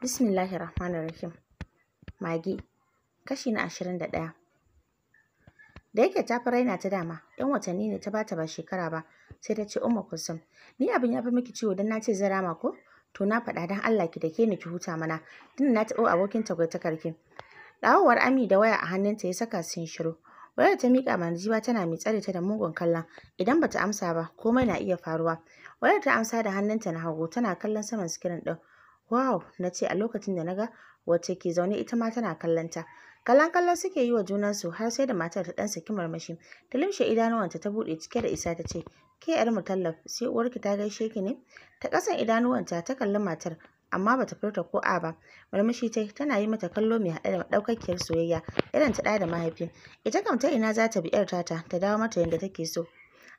Bismillahi Rahmanir Rahim. kashi na ashirin da ɗaya. Da yake ta fara yana ta dama, ‘yan watanni ne ta bata ba shekara ba, sai ta ce Umma kusum ni abin ya fi miki ciwo don na ce zan rama ko? To na faɗa don Allah ki da ke ni ki huta mana, tunda na taɓa abokin ta ta takarki. Dawowar Ami da waya a hannunta ya saka sun shiru. Wayar ta miƙa ma Najiba tana mai tsare ta da mugun kallon, idan bata amsa ba komai na iya faruwa. Wayar ta amsa da hannunta na hagu tana kallon saman sikirin ɗin. Wow, na ce a lokacin da naga? ga wacce ke zaune ita ma tana kallonta. Kallon kallon suke yi wa junansu har sai da matar ta ɗan saki marmashi. Ta limshe idanuwanta ta buɗe cike da isa ta ce, Ke ‘yar mutallaf, sai uwarki ta gaishe ki ne? Ta kasan idanuwanta ta kalli matar, amma bata furta ko a ba. Marmashi ta tana yi mata kallo mai haɗe da ɗaukakkiyar soyayya, irin ta ɗa da mahaifi. Ita kam ta ina za ta bi ‘yar tata, ta dawo mata yanda take so.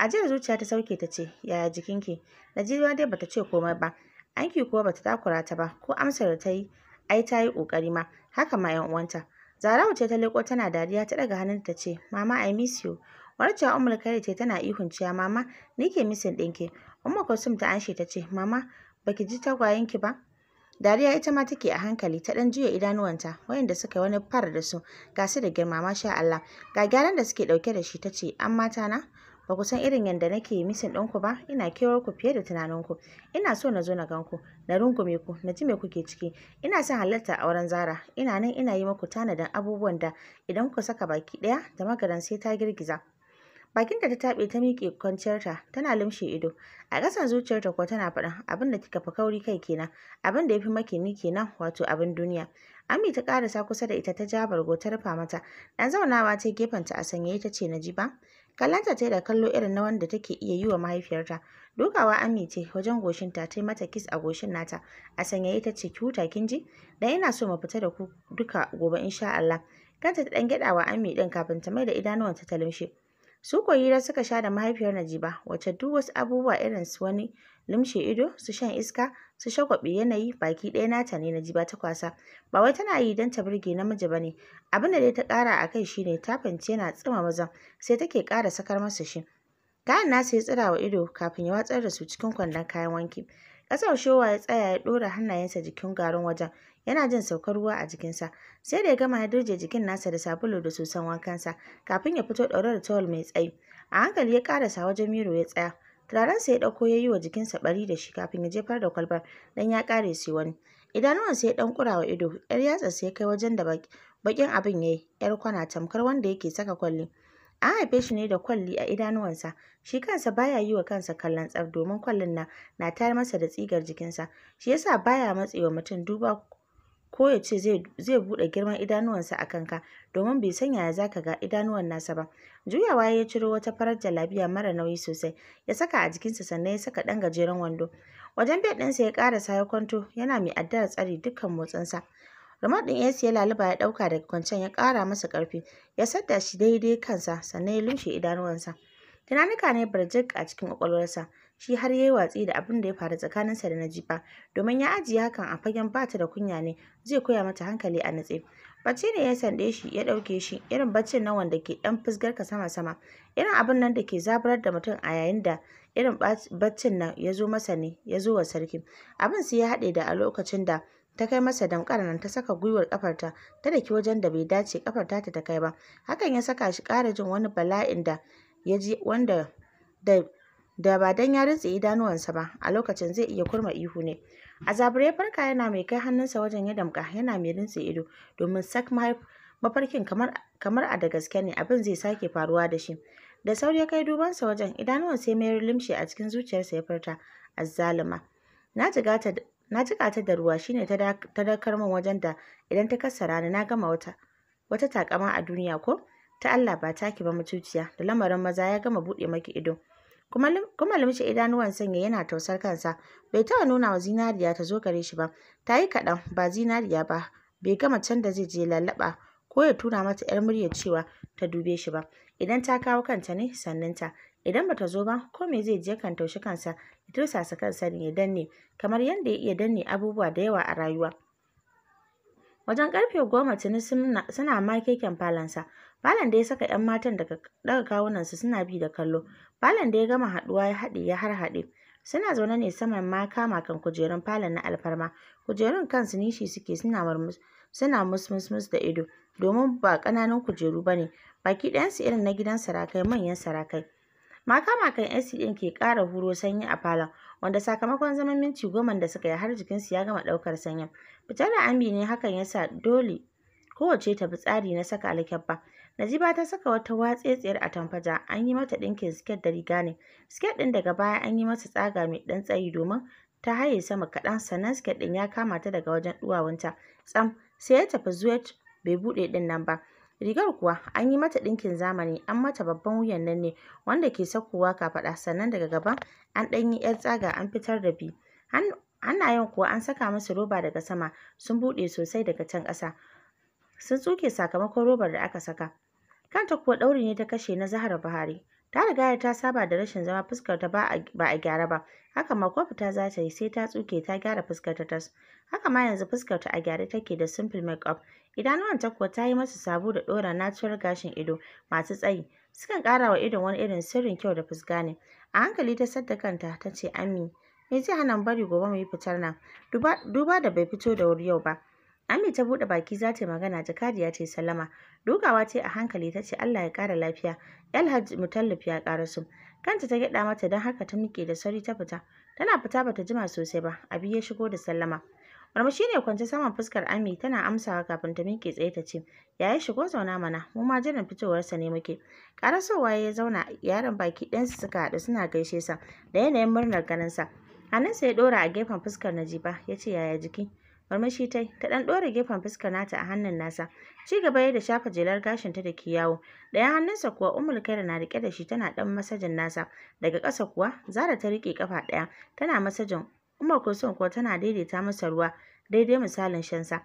Ajiyar zuciya ta sauke ta ce, Yaya jikinki? Najeriya dai bata ce komai ba, Aiki kuwa bata takura ta ba ko amsar da ta yi ai ta yi ƙoƙari ma haka ma 'yan uwanta. Zara'u ce ta leko tana dariya ta ɗaga hannunta ta ce mama I miss you. Warce Ummul Khairi ce tana ihun ciya mama nike ke missing ɗinki. Umma Kusum ta anshe ta ce mama baki ji tagwayenki ba? Dariya ita ma take a hankali ta ɗan juya idanuwanta wayanda suka yi wani far da su ga su da girma masha Allah ga gyaran da suke ɗauke da shi ta ce an mata na ba ku san irin yadda nake misin ɗinku ba ina kewar ku fiye da tunaninku ina so na zo na ganku. na rungume ku na ji me kuke ciki ina son halarta auren zara ina nan ina yi muku tanadin abubuwan da idan kuka saka baki ɗaya da magaran sai ta girgiza Bakin da ta taɓe ta miƙe kwanciyarta tana lumshe ido a ƙasan zuciyarta kuwa tana faɗan, abin da kika fi kauri kai kenan abin da ya fi makini kenan wato abin duniya ami ta ƙarasa kusa da ita ta ja bargo ta rufa mata ɗan zaunawa ta gefenta a sanye ta ce na ji ba Kallanta ta da kallo irin na wanda take iya yi wa mahaifiyarta. Dukawa Ami ce wajen goshinta ta yi mata kiss a goshin nata. A sanyaye ta ce ki kin ji? Dan ina so mu fita da ku duka gobe insha Allah. Kanta ta dan wa Ami din kafin ta mai da idanuwanta ta lumshe. Su ko hira suka sha da mahaifiyar Najiba wacce duk wasu abubuwa irin su wani lumshe ido, su shan iska, su shagwaɓe yanayi baki ɗaya nata ne Najiba ta kwasa. Ba wai tana yi don ta burge namiji ba ne. Abin da dai ta ƙara a kai shine, ta fahimci yana tsima mazan sai take ƙara sakar masa shi. Kayan nasa ya tsira wa ido kafin ya watsar da su cikin kwandon kayan wanki. Ƙasar showa ya tsaya ya ɗora hannayensa jikin garin wajen yana jin saukar ruwa a jikinsa sai da ya gama ya dirje jikin nasa da sabulu da sosan wankansa kafin ya fito ɗaure da tawul mai tsayi a hankali ya karasa wajen miro ya tsaya turarensa ya ɗauko ya yi wa jikinsa ɓari da shi kafin ya jefar da kwalbar dan ya ƙare su wani idanuwansa ya ɗan ƙura wa ido yar yatsarsa ya kai wajen da baƙin abin ya yi yar kwana tamkar wanda yake saka kwalli an haife shi ne da kwalli a idanuwansa shi kansa baya yi wa kansa kallon tsaf domin kwallin na na tayar masa da tsigar jikinsa shi yasa baya matsewa mutum duba ko ya ce zai buɗe girman idanuwansa a kanka domin bai san yaya zaka ga idanuwan nasa ba. Juyawa ya ciro wata farar jalabiya mara nauyi sosai ya saka a jikinsa sannan ya saka ɗan gajeren wando. Wajen bed ɗinsa ya ƙarasa ya kwanto yana mai addara tsari dukkan motsinsa. Remote ɗin AC ya laluba ya ɗauka daga kwancen ya ƙara masa ƙarfi ya sadda shi daidai kansa sannan ya lumshe idanuwansa. Tunanika ne barjak a cikin kwakwalwarsa, shi har ya yi watsi da abin da ya faru tsakaninsa da Najiba, domin ya ajiye hakan a fagen bata da kunya ne, zai koya mata hankali a natse. Bacci ne ya sande shi ya ɗauke shi irin baccin nan wanda ke ɗan fusgarka sama-sama, irin abin nan da ke zaburar da mutum a yayin da irin baccin nan ya zo masa ne ya zo wa sarki. Abin sai ya haɗe da a lokacin da ta kai masa damƙar nan ta saka gwiwar ƙafarta ta daki wajen da bai dace ƙafarta ta ta kai ba hakan ya saka shi ƙara jin wani bala'in da ya ji wanda da da ba dan ya rintse idanuwansa ba a lokacin zai iya kurma ihu ne a zabure farka yana mai kai hannunsa wajen ya damka yana mai rintse ido domin sak mafarkin kamar kamar a da gaske ne abin zai sake faruwa da shi da sauri ya kai dubansa wajen idanuwan sai mayar limshi a cikin zuciyarsa ya furta azzalima na jiga na jiƙa da ruwa shine ta dakar min wajen da idan ta kassara ni na gama wata wata takama a duniya ko ta Allah ba taki ba mutuciya da lamarin maza ya gama buɗe maki ido kuma idanuwan sanya yana tausar kansa bai taɓa nuna wa zinariya ta zo gare shi ba ta yi kaɗan ba zinariya ba bai gama can da zai je lallaɓa ko ya tura mata ‘yar murya cewa ta dube shi ba idan ta kawo kanta ne sannan ta idan ta zo ba ko me zai je kan taushi kansa ya tursasa kansa ne ya danne kamar yadda ya iya danne abubuwa da yawa a rayuwa wajen karfe goma tuni suna ma keken falansa Falon da ya saka 'yan matan daga daga kawunansu suna bi da kallo. Falon da ya gama haɗuwa ya haɗe ya har haɗe. Suna zaune ne saman ma kama kujerun falon na alfarma. Kujerun kansu nishi suke suna murmus suna mus da ido domin ba ƙananan kujeru ba ne. Baki ɗayansu irin na gidan sarakai manyan sarakai. Makamakan AC ɗin ke ƙara huro sanyi a falon, wanda sakamakon zaman minti goma da suka yi har jikinsu ya gama ɗaukar sanyi Fitar da ambi ne hakan ya sa dole kowacce ta bi tsari na saka alkyabba Naziba ta saka wata watsetsiyar atamfaja tamfaja. an yi mata ɗinkin siket da riga ne siket ɗin daga baya an yi masa tsaga mai ɗan tsayi domin ta haye sama kaɗan sannan siket ɗin ya kama ta daga wajen ɗuwawunta tsam sai ya tafi zuwet bai buɗe ɗin nan ba Rigar kuwa an yi mata ɗinkin zamani, an mata babban wuyan nan ne wanda ke saukowa kafaɗa sannan daga gaban an ɗan yi ‘yar tsaga an fitar da bi. Hannayen kuwa an saka masa roba daga sama sun buɗe sosai daga can ƙasa. sun tsuke sakamakon robar da aka saka kanta kuwa ɗauri ne ta kashe na Zahra Buhari ta riga ta saba da rashin zama fuskar ta ba a gyara ba haka ma ko fita za yi sai ta tsuke ta gyara fuskar ta tas haka ma yanzu fuskar ta a gyare take da simple makeup idanuwan ta kuwa ta yi masa sabo da ɗora natural gashin ido masu tsayi sukan ƙara wa idon wani irin sirrin kyau da fuska ne a hankali ta sadda kanta ta ce ami me zai hana bari gobe mu yi fitar nan duba da bai fito da wuri yau ba Ami ta buɗe baki za ta yi magana jakadiya ce sallama. Dukawa ce a hankali ta ce Allah ya ƙara lafiya. mu Mutallif ya su Kanta ta gyaɗa mata don haka ta miƙe da sauri ta fita. Tana fita ba ta jima sosai ba. Abi ya shigo da sallama. Murmushi ne kwance saman fuskar Ami tana amsawa kafin ta miƙe tsaye ta ce, "Yaya shigo zauna mana, mu ma jiran fitowarsa ne muke." Ƙarasowa ya zauna yaron baki ɗansu suka haɗu suna gaishe sa da yanayin murnar ganin ganinsa. Hannunsa ya ɗora a gefen fuskar Najiba ya ce, "Yaya jiki?" murmushi tai ta ɗan ɗora gefen fuskar nata a hannun nasa ci gaba yayi da shafa jelar gashinta da ke yawo ɗaya hannunsa kuwa kai kaira na riƙe da shi tana ɗan masajin nasa daga ƙasa kuwa zara ta riƙe ƙafa ɗaya tana masajin umar kulsum kuwa tana daidaita masa ruwa daidai misalin shansa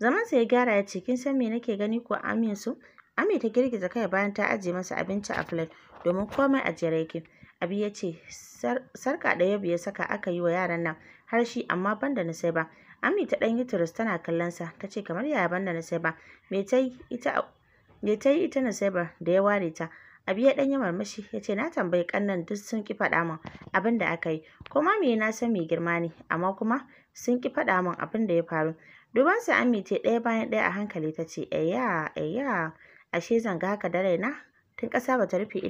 zaman zamansa ya gyara ya ce kin san me nake gani ko amin su Ami ta girgiza kai bayan ta ajiye masa abinci a plate domin komai a jere yake. Abi ya ce sarka da yabi ya saka aka yi wa yaran nan har shi amma banda na sai ba. Ami ta ɗan yi turus tana kallon sa ta ce kamar yaya banda Nasiba me ta yi ita me ta yi da ya ware ta Abi ya ɗan yi marmashi ya ce na tambayi ƙannan duk sun ƙi faɗa min abin da aka yi ko ma me na san mai girma ne amma kuma sun ƙi faɗa min abin da ya faru duban sa Ami ta ɗaya bayan ɗaya a hankali ta ce ayya ayya ashe ga haka da raina tun ƙasa ba ta rufe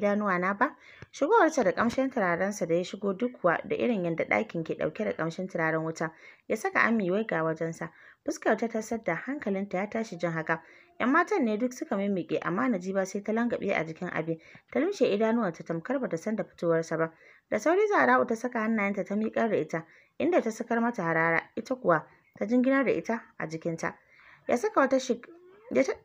na ba shigowarsa da ƙamshin turarensa da ya shigo duk kuwa da irin yadda ɗakin ke ɗauke da ƙamshin turaren wuta ya saka ami wajen wajensa fuskar ta tasar da hankalinta ya tashi jin haka yan matan ne duk suka mimmiƙe amma najiba sai ta langabe a jikin abi ta lumshe idanuwanta tamkar bata san da fitowarsa ba da sauri zara'u ta saka hannayenta ta miƙar da ita inda ta sakar mata harara ita kuwa ta jinginar da ita a jikinta ya saka wata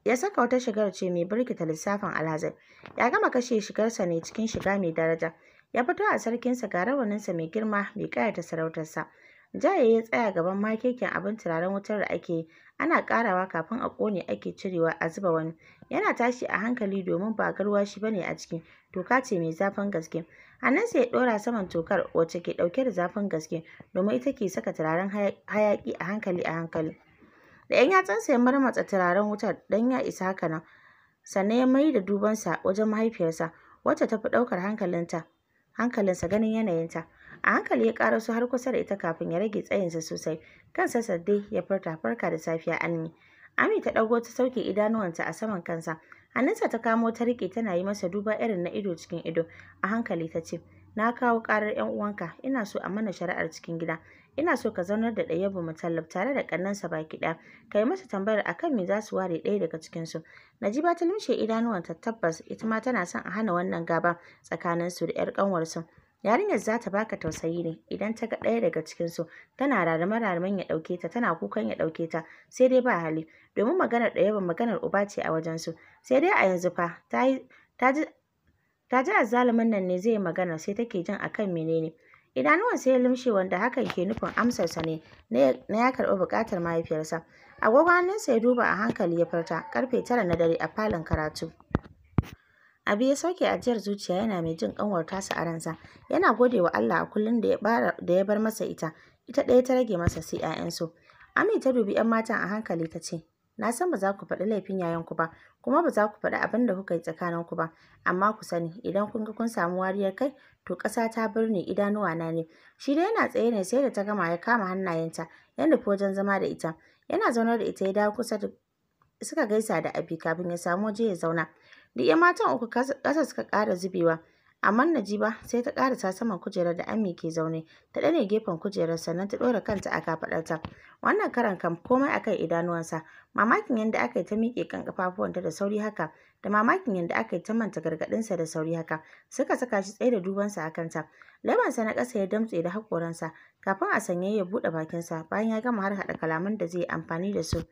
ya saka wata shigar ce mai birkita lissafin alhazai ya gama kashe shigarsa ne cikin shiga mai daraja ya fito a sarkinsa ga rawaninsa mai girma mai ƙayata sarautarsa jaye ya tsaya gaban makekin abin turaren wutar da ake ana ƙarawa kafin a ƙone ake cirewa a zuba wani yana tashi a hankali domin ba garwashi ba ne a ciki toka ce mai zafin gaske hannunsa ya ɗora saman tokar wacce ke ɗauke da zafin gaske domin ita ke saka turaren hayaƙi a hankali a hankali da ‘yan yatsansa ya marmatsa turaren wutar don ya isa haka nan sannan ya mai da dubansa wajen mahaifiyarsa wacce ta fi ɗaukar hankalinta hankalinsa ganin yanayinta a hankali ya ƙaraso har kusa da ita kafin ya rage tsayinsa sosai kansa sadde ya furta farka da safiya anni ami ta ɗago ta sauke idanuwanta a saman kansa hannunsa ta kamo ta riƙe tana yi masa duba irin na ido cikin ido a hankali ta ce na kawo ƙarar 'yan uwanka ina so a mana shari'ar cikin gida ina so ka zaunar da ɗayyabu mutallab tare da ƙannansa baki ɗaya ka yi masa tambayar akan me za su ware ɗaya daga cikinsu najiba ta lumshe idanuwanta tabbas ita ma tana son a hana wannan gaba su da 'yar ƙanwarsu Yarinyar za ta baka tausayi ne idan ta ga ɗaya daga cikinsu tana rarrama-rarraman ya ɗauke ta tana kukan ya ɗauke ta sai dai ba hali domin maganar ɗaya maganar uba ce a wajensu sai dai a yanzu fa ta ji azzalumin nan ne zai magana sai take jin akan menene Idanuwansa ya lumshe wanda hakan ke nufin amsarsa ne na ya karɓi buƙatar mahaifiyarsa. Agogo hannunsa ya duba a hankali ya furta karfe tara na dare a falon karatu. Abi ya sauke ajiyar zuciya yana mai jin ƙanwar tasa a ransa. Yana gode wa Allah a kullum da ya bar masa ita, ita ɗaya ta rage masa sai ‘ya'yansu. Ami ta dubi ‘yan matan a hankali ta ce, na san ba za ku faɗi laifin yayanku ba kuma ba za ku faɗi abin da kuka yi tsakaninku ba amma ku sani idan kun ga kun samu wariyar kai to ƙasa ta birne idanuwana ne shi dai yana tsaye ne sai da ta gama ya kama hannayenta yadda fi wajen zama da ita yana zaunar da ita ya dawo kusa da suka gaisa da abi kafin ya samu waje ya zauna duk ya matan uku ƙasa suka ƙara zubewa Amma Najiba sai ta ƙarasa saman kujerar da Ami ke zaune, ta ɗane gefen kujerar sannan ta dora kanta a kafadarta. Wannan karan kam komai akan idanuwansa, mamakin yadda aka yi ta miƙe kan kafafuwanta da sauri haka, da mamakin yadda aka yi ta manta sa da sauri haka, suka saka shi tsaye da dubansa a kanta. Lebansa na ƙasa ya damtse da haƙoransa, kafin a sanye ya buɗe bakinsa bayan ya gama har harhaɗa kalaman da zai yi amfani da su.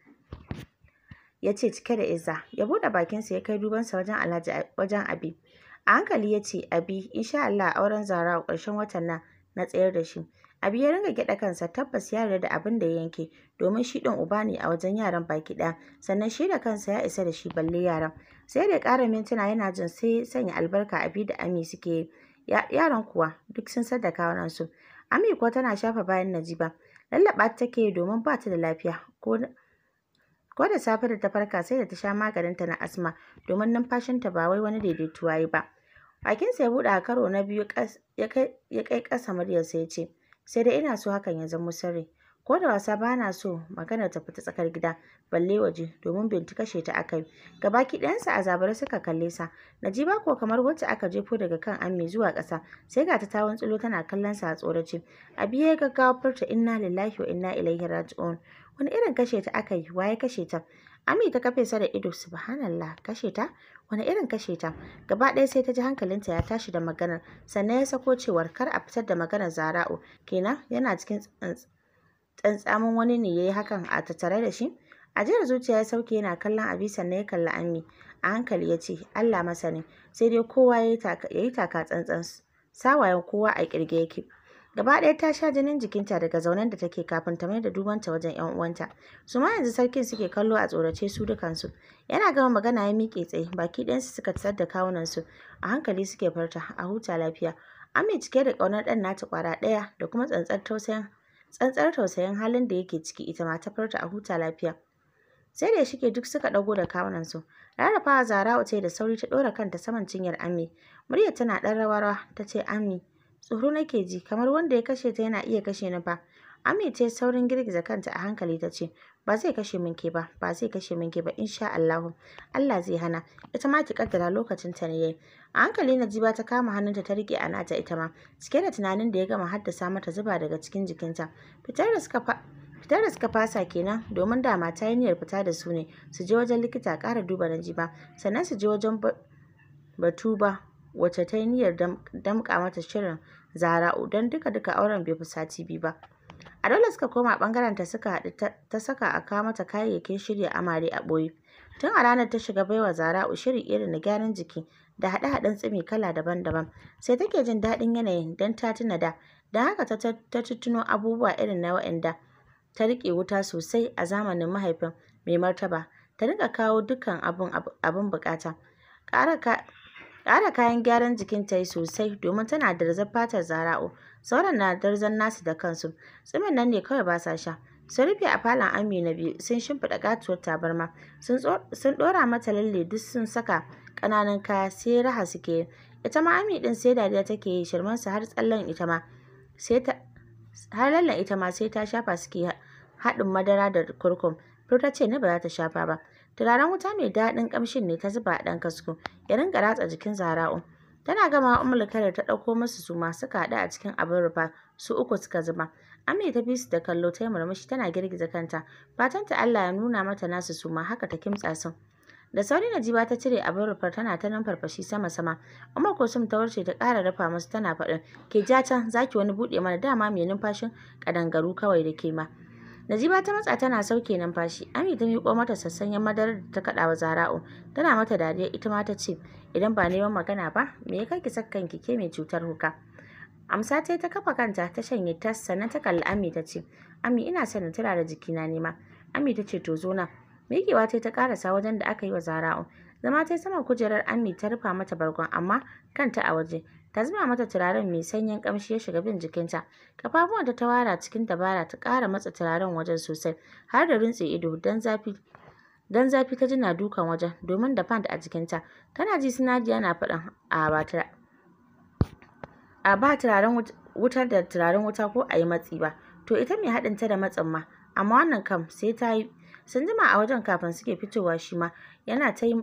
ya ce cike da izza ya buɗe bakinsa ya kai dubansa wajen alhaji wajen abi A hankali ya ce, Abi, insha Allah auren zara a ƙarshen watan nan na tsayar da shi. Abi ya ringa gyaɗa kansa tabbas ya yarda da abin da ya yanke domin shi ɗin uba ne a wajen yaran baki ɗaya sannan shi da kansa ya isa da shi balle yaran. Sai da ƙara mintuna yana jin sai sanya albarka Abi da Ami suke yi. Yaran kuwa duk sun sadaka wannan su. Ami kuwa tana shafa bayan Najiba. Lallaɓa take domin ba ta da lafiya ko Ko da safe da ta farka sai da ta sha maganinta na asma domin numfashinta ba wai wani daidaituwa yayi ba. Bakinsa ya buɗe a karo na biyu ya kai ƙasa muryarsa ya ce, sai dai ina so hakan ya zama sirri. Ko da wasa ba na so magana ta fita tsakar gida balle waje domin Bintu kashe ta akai. Gabaki ɗayansa a zabare suka kalle sa. Najiba ko kamar wacce aka jefo daga kan amme zuwa ƙasa sai ga ta tawon tsulo tana kallon sa a tsorace. a ya gaggawa furta inna lillahi wa inna ilaihi raji'un. wani irin kashe ta aka yi waye kashe ta ami ta kafe sa da ido subhanallah kashe ta wani irin kashe ta gaba ɗaya sai ta ji hankalinta ya tashi da maganar sannan ya sako cewar kar a fitar da maganar zara'u kenan yana cikin tsantsamin wani ne ya yi hakan a tattare da shi ajiyar zuciya ya sauke yana kallon abi sannan ya kalli ami a hankali ya ce allah masani sai dai kowa ya yi taka tsantsan sawayen kowa a kirge yake gaba ɗaya ta sha jinin jikinta daga zaunen da take kafin ta mai da dubanta wajen yan uwanta su ma yanzu sarkin suke kallo a tsorace su dukansu yana gama magana ya miƙe tsaye baki ɗayansu suka tsar da kawunansu a hankali suke farta a huta lafiya An mai cike da ƙaunar ɗan nata ƙwara ɗaya da kuma tsantsar tausayin tsantsar tausayin halin da yake ciki ita ma ta farta a huta lafiya sai da shike duk suka ɗago da kawunansu rarrafa zara'u ce da sauri ta ɗora kanta saman cinyar Ami Murya tana ɗan rawa ta ce Ami Tsoro nake ji, kamar wanda ya kashe ta yana iya kashe ni ba? Ami ta saurin girgiza kanta a hankali ta ce, ba zai kashe min ke ba, ba zai kashe min ke ba insha Allah. Allah zai hana. Ita ma ki kaddara lokacin ta ne yayi. A hankali na jiba ta kama hannunta ta rike ana ta ita ma, cike da tunanin da ya gama haddasa mata zuba daga cikin jikinta. Fitar da suka Fitar da suka fasa kenan domin dama ta yi niyyar fita da su ne su je wajen likita kara duba na jiba sannan su je wajen Batuba wacce ta yi niyyar damka mata shirin Zahra'u don duka-duka auren bai fusaci TV ba. A dole suka koma bangaren ta suka haɗu ta saka a kawo mata kayayyakin shirya amare a ɓoye. Tun a ranar ta shiga baiwa Zahra'u shiri irin na gyaran jiki da haɗe-haɗen tsimi kala daban-daban. Sai take jin daɗin yanayin don ta tuna da, don haka ta ta tuno abubuwa irin na waɗanda ta riƙe wuta sosai a zamanin mahaifin mai martaba, ta riƙa kawo dukkan abun buƙata. Ƙara kayan gyaran jikin ta yi sosai domin tana da darzar fatar Zara'u, sauran na darzar nasu da kansu. Tsimin nan ne kawai ba sa sha. Sun rufe a falon Amina biyu sun shimfiɗa katuwar tabarma, sun ɗora mata lalle duk sun saka ƙananan kaya sai raha suke yi. Ita ma Ami ɗin sai dariya take yi shirmansu har tsallen ita ma. Sai ta har lallen ita ma sai ta shafa suke haɗin madara da kurkum. Fur ta ce ni ba za ta shafa ba. Turaren wuta mai daɗin ƙamshin ne ta zuba a ɗan kasko, ya rinka ratsa jikin zara'u Tana gama umar Khair ta ɗauko musu suma suka haɗu a cikin abin rufa, su uku suka zuba. Ammi ta bi su da kallo ta yi murmushi tana girgiza kanta, fatanta Allah ya nuna mata nasu su ma haka ta kimtsa sun. Da sauri Najiba ta cire abin rufar tana ta nan farfashi sama-sama. Umar ta warce ta ƙara dafa masu tana faɗin, "Ke ja can, za wani buɗe mana dama mai numfashin ƙadangaru kawai da ke ma." Najiba ta matsa tana sauke numfashi. Ami ta miƙo mata sassanyen madarar da ta kaɗa wa Zara'u. Tana mata dariya ita ma ta ce, "Idan ba neman magana ba, me ya kai ki sakkan ki ke mai cutar huka?" Amsa ta ta kafa kanta ta shanye ta sannan ta kalli Ami ta ce, "Ami ina son na tura da jikina ne ma." Ami ta ce, "To zo na." Miƙewa ta ta karasa wajen da aka yi wa Zara'u. Zama ta sama kujerar Ami ta rufa mata bargon amma kanta a waje. ta zuba mata turaren mai sanyin kamshi ya shiga bin jikinta kafafuwan ta wara cikin dabara ta kara matsa turaren wajen sosai har da rintse ido don zafi dan zafi ta jina dukan wajen domin da pant a jikinta tana ji sinadiya yana faɗin a ba a ba turaren wutar da turaren wuta ko a yi matsi ba to ita mai haɗin ta da matsin ma amma wannan kam sai ta yi sun jima a wajen kafin suke fitowa shi ma yana ta yi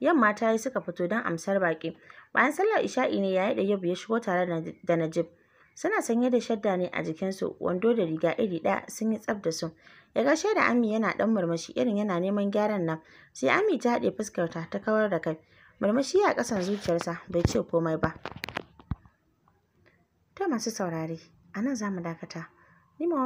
yamma ta yi suka fito don amsar baƙi Bayan sallar isha'i ne yayi yabu ya shigo tare da Najib. Suna sanye da shadda ne a jikinsu, wando da riga iri ɗaya sun yi tsaf da su. Ya gaishe da Ami yana ɗan murmushi irin yana neman gyaran nan. Sai Ami ta haɗe fuskarta ta kawar da kai. Murmushi a ƙasan zuciyarsa bai ce komai ba. Ta masu saurare, a nan za mu dakata. Ni ma